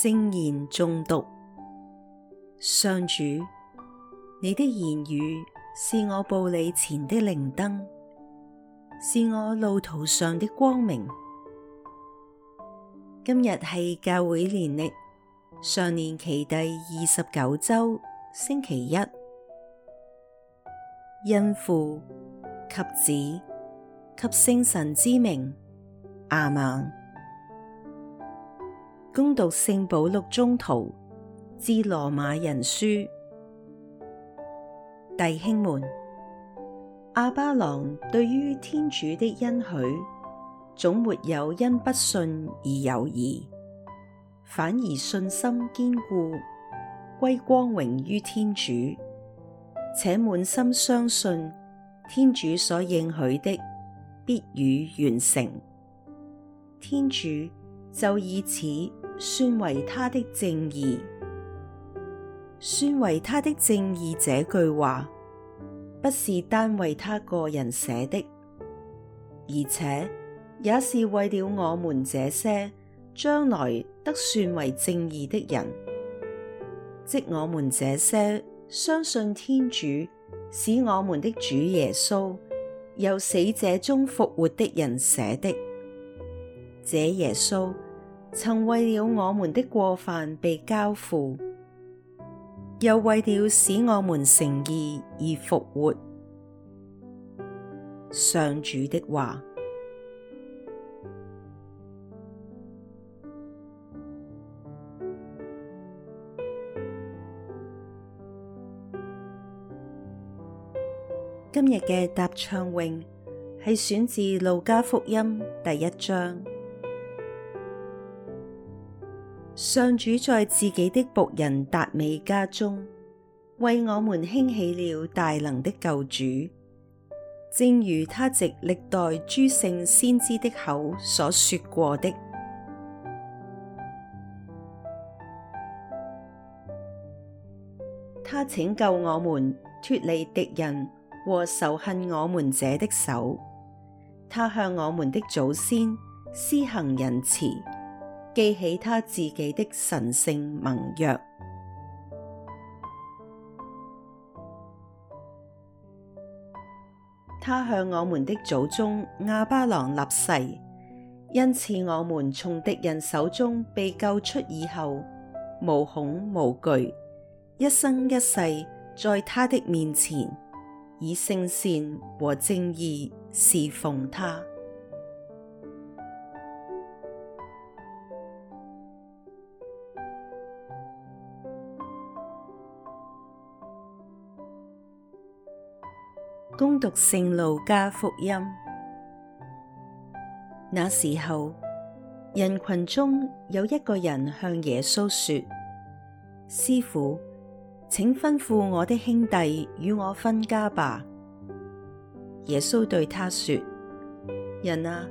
聖言誦讀。上主，你的言語是我步履前的靈燈，是我路途上的光明。今日係教會年曆常年期第二十九周星期一，因父，及子，及聖神之名，阿門。恭讀聖保祿宗徒致羅馬人書》，弟兄們，亞巴郎對於天主的恩許，總沒有因不信而猶疑，反而信心堅固，歸光榮於天主，且滿心相信天主所應許的必予完成。天主就以此。算為他的正義，算為他的正義這句話，不是單為他個人寫的，而且也是為了我們這些將來得算為正義的人，即我們這些相信天主使我們的主耶穌由死者中復活的人寫的，這耶穌。曾為了我們的過犯被交付，又為了使我們成義而復活。上主的話。今日嘅答唱詠係選自路加福音第一章。上主在自己的僕人達味家中，為我們興起了大能的救主，正如他藉歷代諸聖先知的口所說過的。他拯救我們脱離敵人和仇恨我們者的手，他向我們的祖先施行仁慈。記起他自己的神聖盟約，他向我們的祖宗亞巴郎立誓，恩賜我們從敵人手中被救出以後，無恐無懼，一生一世在他的面前，以聖善和正義事奉他。讀聖路加福音。那時候，人群中有一個人向耶穌說：師傅，請吩咐我的兄弟與我分家吧。耶穌對他說：人啊，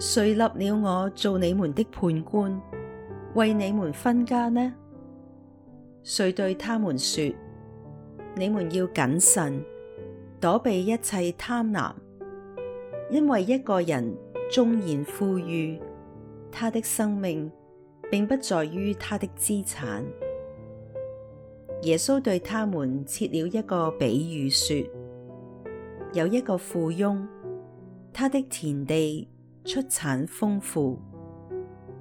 誰立了我做你們的判官，為你們分家呢？遂對他們說：你們要謹慎，躲避一切貪婪，因為一個人縱然富裕，他的生命並不在於他的資產。耶穌對他們設了一個比喻，說：有一個富翁，他的田地出產豐富，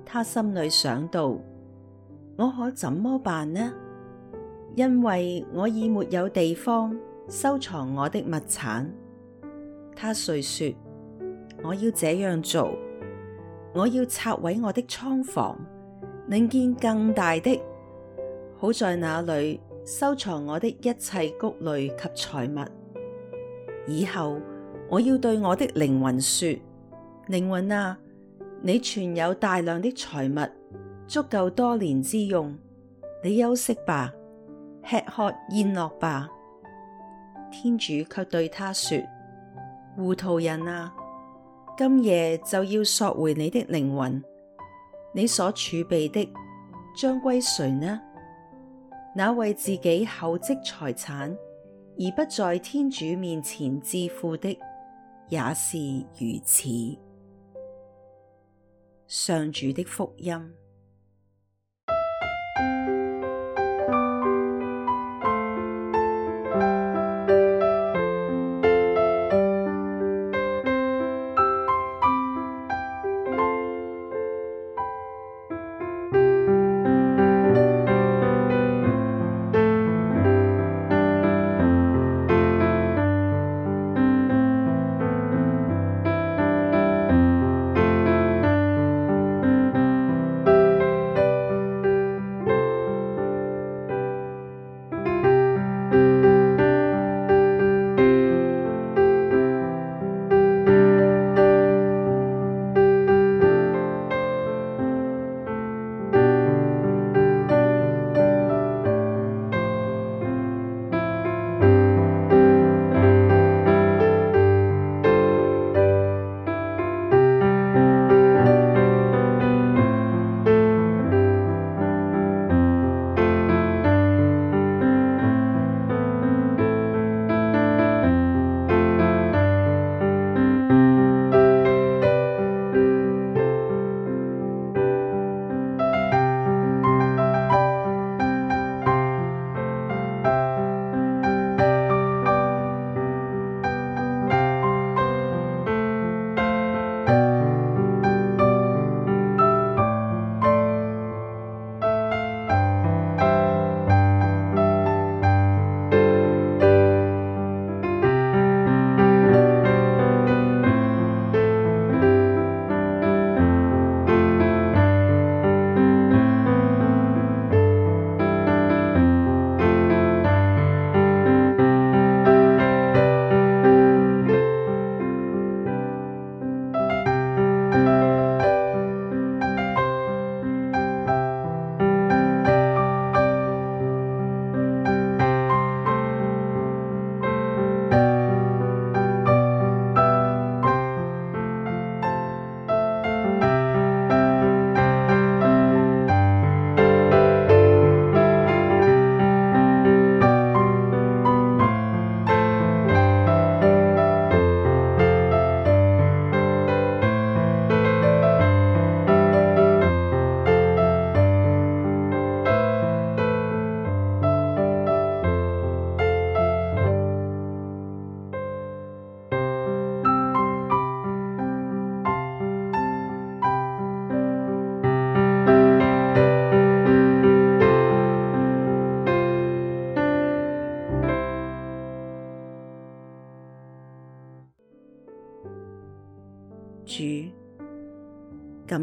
他心裏想到：我可怎麼辦呢？因為我已沒有地方。收藏我的物產，他遂說：我要這樣做，我要拆毀我的倉房，另建更大的，好在那裏收藏我的一切穀類及財物。以後我要對我的靈魂說：靈魂啊，你存有大量的財物，足夠多年之用，你休息吧，吃喝宴樂吧。天主卻對他說：糊塗人啊，今夜就要索回你的靈魂，你所儲備的，將歸誰呢？那為自己厚積財產而不在天主面前致富的，也是如此。上主的福音。